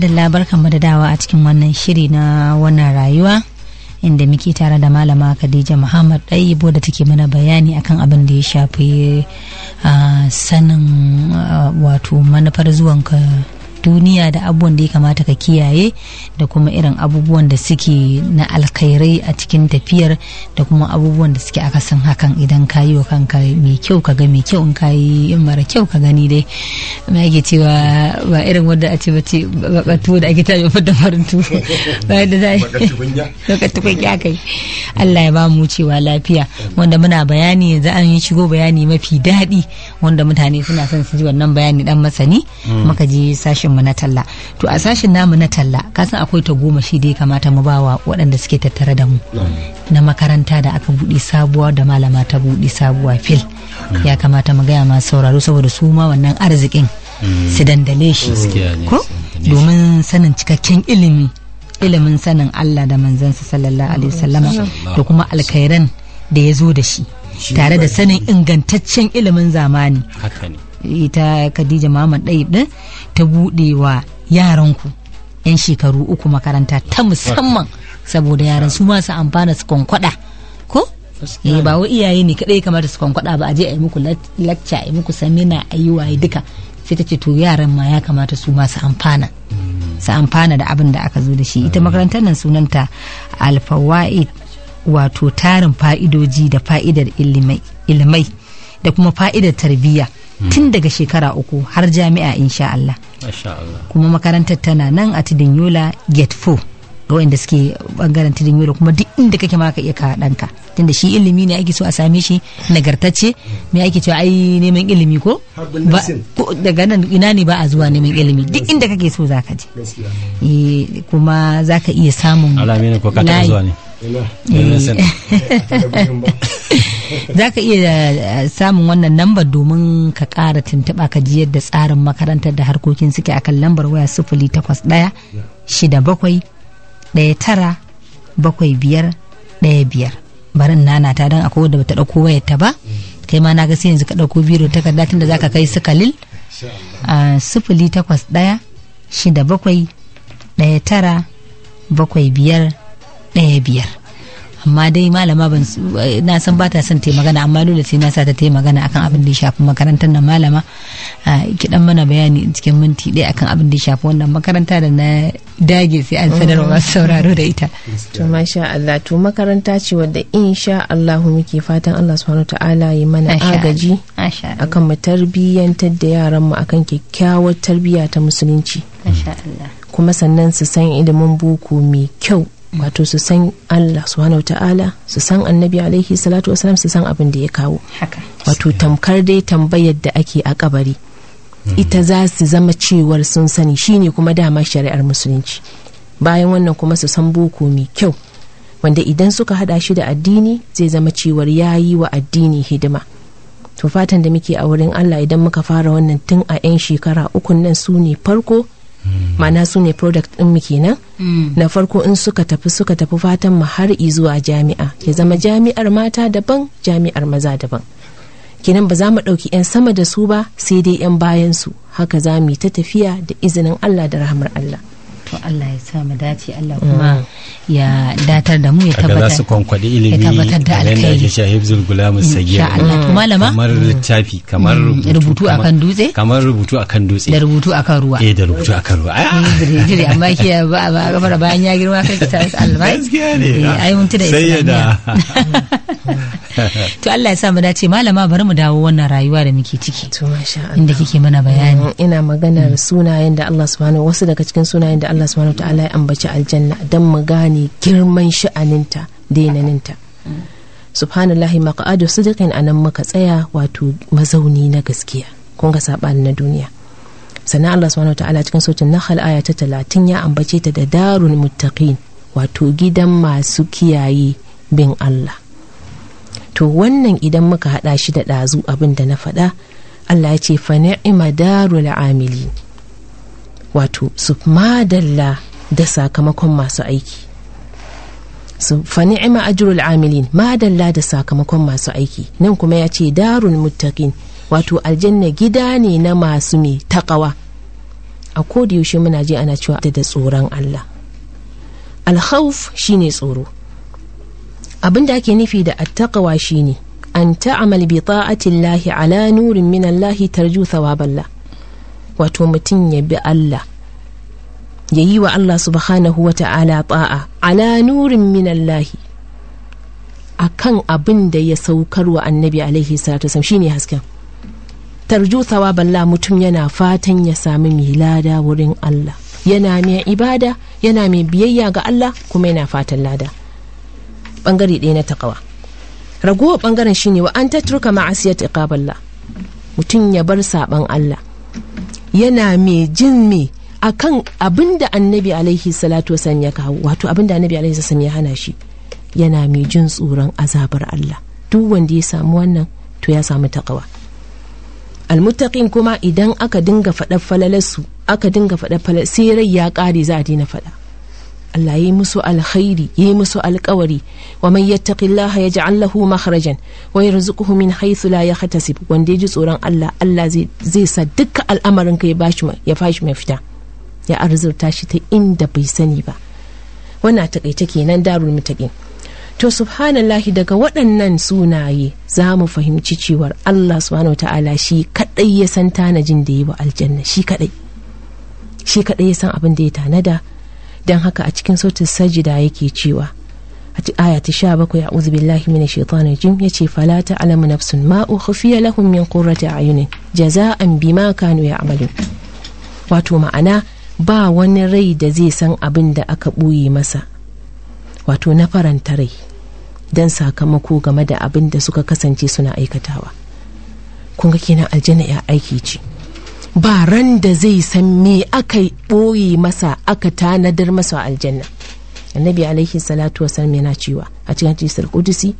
madalla barkan da dawa a cikin wannan shiri na wannan rayuwa inda muke tare da malama Khadija Muhammad Ɗayibo da take mana bayani akan abin da ya shafi ah, sanin ah, wato manufar zuwanka duniya da abubuwan da ya kamata ka kiyaye da kuma irin abubuwan da suke na alkhairai a cikin tafiyar da kuma abubuwan da suke akasin hakan idan ka yi wa kanka mai kyau ka ga mai kyau in ka yi in mara kyau ka gani dai ma yake cewa ba irin wadda a ce bace ba tuwo da ake tabi fadda farin tuwo ba yadda za bakatu kun ya kai Allah ya ba mu cewa lafiya wanda muna bayani yanzu an yi shigo bayani mafi daɗi wanda mutane suna son su ji wannan bayani dan masani hmm. muka je sashen sashen mu na talla to a sashen namu na talla ka san akwai ta goma shi da kamata mu bawa waɗanda suke tattare da mu na makaranta da aka buɗe sabuwa da malama ta buɗe sabuwa fil ya kamata mu gaya masu sauraro saboda su ma wannan arzikin hmm. su dandale shi ko domin sanin cikakken ilimi ilimin sanin Allah da manzansa sallallahu alaihi wasallama da kuma alkhairan da ya zo da shi tare da sanin ingantaccen ilimin zamani ita Khadija Muhammad ɗaya ɗin ta buɗe wa yaranku 'yan shekaru uku makaranta ta musamman saboda yaran su masu amfana su kwankwada ko eh ba wai iyaye ne kaɗai kamar su kwankwada ba a je a yi muku lacca a yi muku samina a yi waye duka sai ta ce to yaran ma ya kamata su masu amfana mm. su amfana da abin da aka zo da shi ita mm. makarantar nan sunanta alfawa'id wato tarin fa'idoji da fa'idar ilimai da kuma fa'idar tarbiyya tun daga shekara uku har jami'a insha Allah kuma makarantar tana nan a tudun yola gate 4 wanda suke bangaren tudun yola kuma duk inda kake ma ka iya ka ɗanka tunda shi ilimi ne ake so a same shi nagartacce me ake cewa ai neman ilimi ko daga nan ina ne ba a zuwa neman ilimi duk inda kake so za ka je eh, kuma za ka iya samun alami ne ko ka zuwa ne Eh. za ka iya eh, samun wannan lambar domin ka ƙara tuntuɓa ka ji yadda tsarin makarantar da harkokin suke akan lambar waya sufuli takwas ɗaya shida bakwai ɗaya tara bakwai biyar ɗaya biyar barin nana ta don akwai wadda bata ɗauko wayar ta ba kai ma na ga sai yanzu ka ɗauko biro takarda tunda za ka kai su kalil sufuli ah, takwas ɗaya shida bakwai ɗaya tara bakwai biyar ɗaya biyar amma dai malama ban eh, na san ba ta son ta magana amma dole sai na sa ta yi magana akan abin da ya shafi makarantar nan malama ki dan mana bayani cikin minti ɗaya akan abin da ya shafi wannan makaranta da na dage sai an sanar wa sauraro da ita to masha Allah to makaranta ce wadda insha Allah muke fatan Allah subhanahu ta'ala yi mana agaji akan mu tarbiyyantar da yaran mu akan kyakkyawar tarbiyya ta musulunci kuma sannan su san ilimin boko mai kyau wato su san Allah subhanahu ta'ala su san annabi alaihi salatu wasalam su san abin da ya kawo wato tamkar dai tambayar da ake a kabari ita za su zama cewar sun sani shine kuma dama shari'ar musulunci bayan wannan kuma su san boko mai kyau wanda idan suka hada shi da addini zai zama cewar ya yi wa addini hidima to fatan da muke a wurin Allah idan muka fara wannan tun a 'yan shekara ukun nan su ne farko ma'ana su ne product mu kenan hmm. na farko in suka tafi suka tafi fatan mu har zuwa jami'a ya zama jami'ar mata daban jami'ar maza daban kenan ba za mu ɗauki 'yan sama da su ba sai dai 'yan bayan su haka za mu yi ta tafiya da izinin allah da rahamar allah to Allah ya sa mu dace Allah mm. kuma ya datar da mu ya tabbatar da su kwankwadi ilimi da alkhairi ya shahi hibzul gulam sagira insha Allah to mm. malama kamar mm. littafi kamar rubutu akan dutse kamar rubutu akan dutse da rubutu akan ruwa eh da rubutu akan ruwa ah, ah. eh, jiri dire amma ki ba ba kamar bayan ya girma kai ta albai gaskiya ne eh, ai mun tada sai da to Allah ya sa mu dace malama bari mu dawo wannan rayuwa da muke ciki to masha Allah inda kike mana bayani mm, ina maganar mm. sunayen da Allah subhanahu wasu daga cikin sunayen da Allah subhanahu ta'ala ya ambaci aljanna dan mu gane girman sha'aninta dainaninta mm. subhanallahi maqadu sidiqin anan muka tsaya wato mazauni na gaskiya kun ga sabani na duniya sana Allah subhanahu ta'ala cikin sautin nahl aya ta 30 ya ambace ta da darul muttaqin wato gidan masu kiyaye bin Allah to wannan idan muka haɗa shi da ɗazu abin da na faɗa Allah ya ce fa ni'ima darul amili wato su madalla da sakamakon masu aiki su fa ajrul amilin madalla da sakamakon masu aiki nan kuma ya ce darul muttaqin wato aljanna gida ne na masu mai takawa a koda yaushe muna ji ana cewa da tsoron Allah al-khawf shine tsoro abin da ake nufi da attaqwa shine an ta'amal bi ta'atillahi ala nurin min Allah tarju thawaballa wato mutum ya bi Allah ya yi wa Allah subhanahu wa ta'ala ta'a ala nurin min Allah akan abin da ya saukar wa annabi alaihi salatu wasallam shine hasken tarju thawaballa mutum yana fatan ya sami milada wurin Allah yana mai ibada yana mai biyayya ga Allah kuma yana fatan lada bangare ɗaya na takawa raguwa bangaren shine wa an tatruka ma'asiyat iqaballah mutum ya bar saban Allah yana mai jin me akan abinda annabi alaihi salatu wasan ya kawo wato abinda annabi alaihi salatu ya hana shi yana mai jin tsoron azabar Allah duk wanda ya samu wannan to ya samu takawa almuttaqin kuma idan aka dinga faɗa falalarsu aka dinga faɗa falalar sai rai ya ƙare za a daina faɗa Allah ya yi musu alkhairi ya yi musu alkawari wa ya ji yaj'al lahu makhrajan wa yarzuquhu min haythu la yahtasib wanda ji tsoron Allah Allah zai sa dukkan al'amarin ka ya bashi ya fashi mafita ya arzurta shi ta inda bai sani ba wannan takaita kenan darul mutaqin to subhanallahi daga waɗannan sunaye za mu fahimci cewar Allah subhanahu ta'ala shi kadai ya san tanajin da yi wa aljanna shi kadai shi kadai ya san abin da ya tanada don haka a cikin sautin sajida yake cewa a aya ta sha bakwai a billahi mina shaitan jim ya ce fala ta alamu nafsun ma'u khafiya lahum min qurrati ayunin jaza'an bima kanu ya amalu wato ma'ana ba wani rai da zai san abin da aka ɓoye masa wato na faranta rai don sakamako game da abin da suka kasance suna aikatawa kun ga kenan aljanna ya aiki ce ba ran da zai san me aka ɓoye masa aka tanadar masa a aljanna annabi alaihi salatu wasallam yana cewa a cikin hadisar kudusi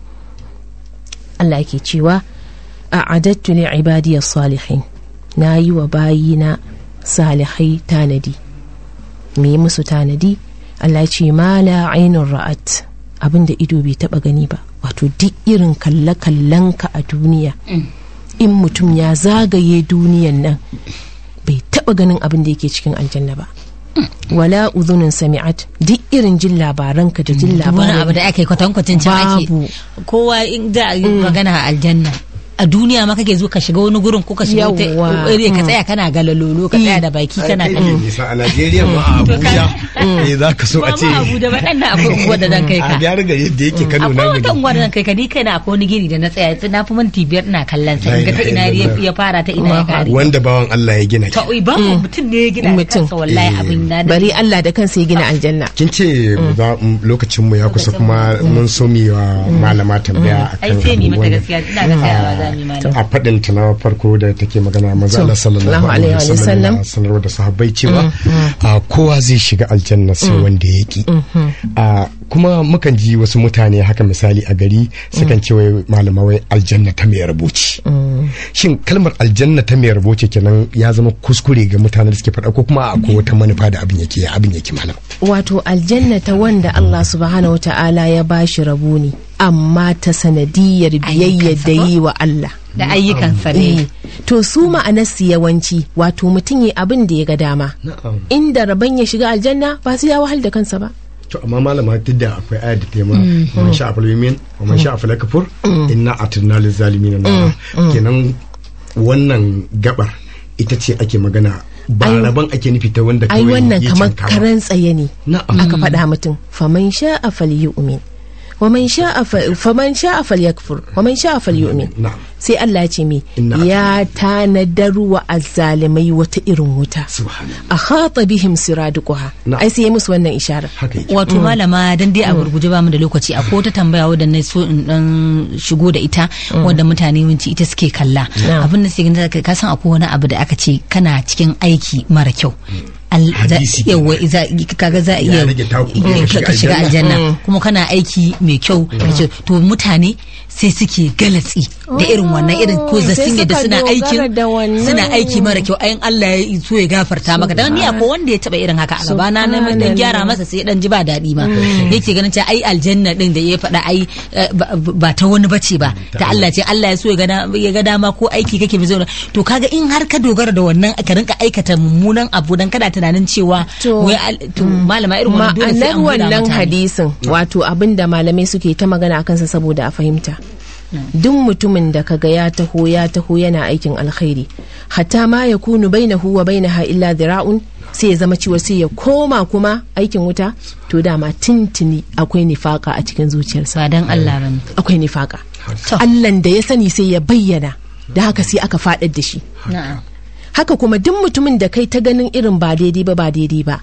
Allah yake cewa a'adattu li ibadiy salihin na yi wa bayina salihai tanadi me musu tanadi Allah ce ma la ainun ra'at abinda ido bai taba gani ba wato duk irin kalle-kallenka a duniya mm. in mutum ya zagaye duniyan nan bai taba ganin abin da yake cikin aljanna ba wala uzunin sami'at duk irin jin labaran ka da jin labaran abu da ake kwatankwacin can ake kowa in da magana a aljanna a duniya ma kake zo ka shiga wani gurin ko ka shiga wata area ka mm. tsaya kana galalolo ka tsaya da mm. baki kana kan nisa a Najeriya ma a Abuja mm. eh za ka so a ce ba Abuja ba dan akwai unguwar da zan kai ka a biyar gari da yake Kano na akwai wata unguwar da zan kai ka ni kai na akwai wani gini da na tsaya na fi minti biyar ina kallon sa ga ta ina ya fara ta ina ya kare wanda bawan Allah ya gina ta ba mutum ne ya gina kansa wallahi eh. abin na bari Allah da kansa ya gina aljanna kin ce lokacin mu ya kusa kuma mun so mu malama tambaya akan ai sai ni mata gaskiya ina ga tsayawa tun a faɗin ta farko da take magana maza Allah sallallahu alaihi wa sallam sanarwa da sahabbai cewa mm, mm. kowa zai shiga aljanna sai mm. wanda ya ki mm-hmm. kuma mukan ji wasu mutane haka misali a gari sukan ce wai wai aljanna ta mai raboci shin kalmar aljanna ta mai raboci kenan ya zama kuskure ga mutanen da suke faɗa ko kuma akwai wata manufa da abin yake abin yake malam wato aljanna ta wanda Allah subhanahu wataala ya bashi rabu ne amma ta sanadiyar biyayya da yi wa Allah da ayyukan ne. Eh, to su ma'anarsu yawanci wato mutum yi abin da ya ga dama inda rabon ya shiga aljanna ba su ya wahal da kansa ba to amma malama duk da akwai ayar da ta ma mm. man mm. sha afal yumin wa man sha afal kafur mm. inna atina lil zalimin kenan wannan gabar ita ce ake magana ba rabon ake nufi ta wanda kawai ai wannan kamar karan tsaye ne aka faɗa mutum faman sha afal yumin wa man sha'a faman sha'a falyakfur wa man sha'a sai Allah ce mi ya tanadar wa azzalimai wata irin wuta a khata bihim siraduha ai sai ya musu wannan ishara wato malama dan dai a gurguje ba mu da lokaci a ta tambaya da na so in dan shigo da ita wadda mutane minti ita suke kalla abin da sai ka san akwai wani abu da aka ce kana cikin aiki mara kyau yawa kaga za iya eh, ka shiga aljanna mm. kuma kana aiki mai kyau to mutane sai suke galatsi da irin oh, wannan irin ko zasinge da suna aiki suna aiki mara kyau ayin Allah ya so ya gafarta maka dan ni akwai wanda ya taba irin haka a gaba na nan dan gyara masa sai dan ji ba daɗi ma mm. yake ganin cewa ai aljanna din da ya faɗa ai eh, ba ta wani bace ba ta Allah ce Allah ya so ya ga dama ko aiki kake bi zauna to kaga in har ka dogara da wannan ka rinka aikata mummunan abu dan kada tunanin cewa wai to mm. malama irin wannan dole sai an wannan hadisin wato abinda malamai suke ta magana akan sa saboda a fahimta duk mutumin da kaga ya taho ya taho yana aikin alkhairi hatta ma ya kunu baina huwa baina ha illa zira'un sai ya zama ciwo sai ya koma kuma aikin wuta to dama tintini akwai nifaka a cikin zuciyarsa dan Allah ran akwai nifaka Allah da ya sani sai ya bayyana da haka sai aka fadar da shi haka kuma duk mutumin da kai ta ganin irin ba daidai ba ba daidai ba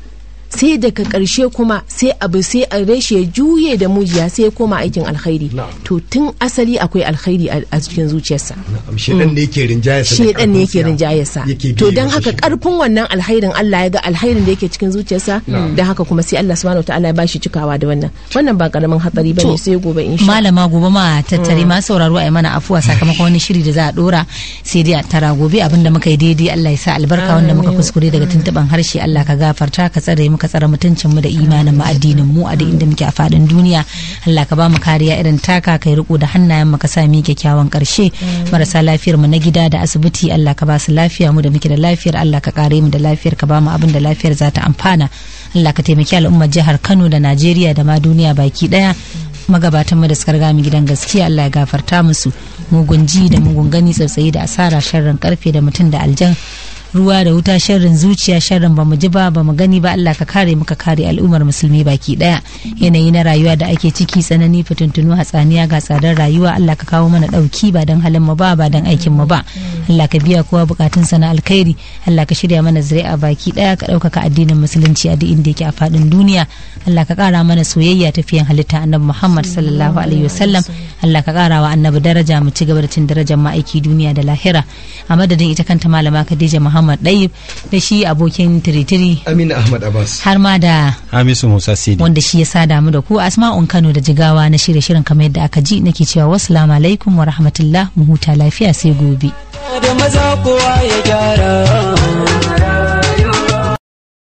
sai daga ƙarshe kuma sai abu sai a reshe juye da mujiya sai ya koma aikin alkhairi to tun asali akwai alkhairi a cikin zuciyarsa shedan ne yake rinjayarsa ne yake rinjayarsa to dan haka karfin wannan alkhairin Allah ya ga alkhairin da yake cikin zuciyarsa dan haka kuma sai Allah subhanahu ta'ala ya bashi cikawa da wannan wannan ba karamin hatsari bane sai gobe insha malama gobe ma tattare mm. ma sauraro ai mana afuwa sakamakon wani shiri da za a dora sai dai a tara gobe abinda muka yi daidai Allah ya sa albarka wanda muka kuskure daga tuntuban harshe Allah ka gafarta ka tsare mu muka tsara mutuncin mu da imanin mu addinin mu a duk inda muke a fadin duniya Allah ka ba mu kariya irin taka kai riko da hannayen mu ka sa mu kyakkyawan karshe marasa lafiyar mu na gida da asibiti Allah ka ba su lafiya mu da muke da lafiyar Allah ka kare mu da lafiyar ka ba mu abin da lafiyar za ta amfana Allah ka taimaki al'ummar jihar Kano da Najeriya da ma duniya baki daya magabatan mu da suka riga mu gidan gaskiya Allah ya gafarta musu mugun ji da mugun gani tsatsaye da asara sharran karfe da mutum da aljan ruwa da wuta sharrin zuciya sharrin ba mu ji ba bamu gani ba Allah ka kare muka kare al'ummar musulmi baki daya yanayi na rayuwa da ake ciki tsanani fitintunu hatsaniya ga tsadar rayuwa Allah ka kawo mana dauki ba dan halin mu ba ba dan aikin mu ba Allah ka biya kowa bukatun sa na alkhairi Allah ka shirya mana zuri'a baki daya ka ɗaukaka addinin musulunci a duk inda yake a fadin duniya Allah ka kara mana soyayya tafiyan halitta annabi Muhammad sallallahu alaihi wasallam Allah ka kara wa annabi daraja mu ci gaba da cin darajar ma'aiki duniya da lahira a madadin ita kanta malama Khadija Muhammad Muhammad Dayib da shi abokin tiritiri. Amina Ahmad Abbas. Har ma da Hamisu Musa Sidi. Wanda shi ya sada mu da ku Asma'un Kano da Jigawa na shirye shirin kamar yadda aka ji nake cewa wassalamu alaikum wa rahmatullah mu huta lafiya sai gobe. Da maza kowa ya gyara.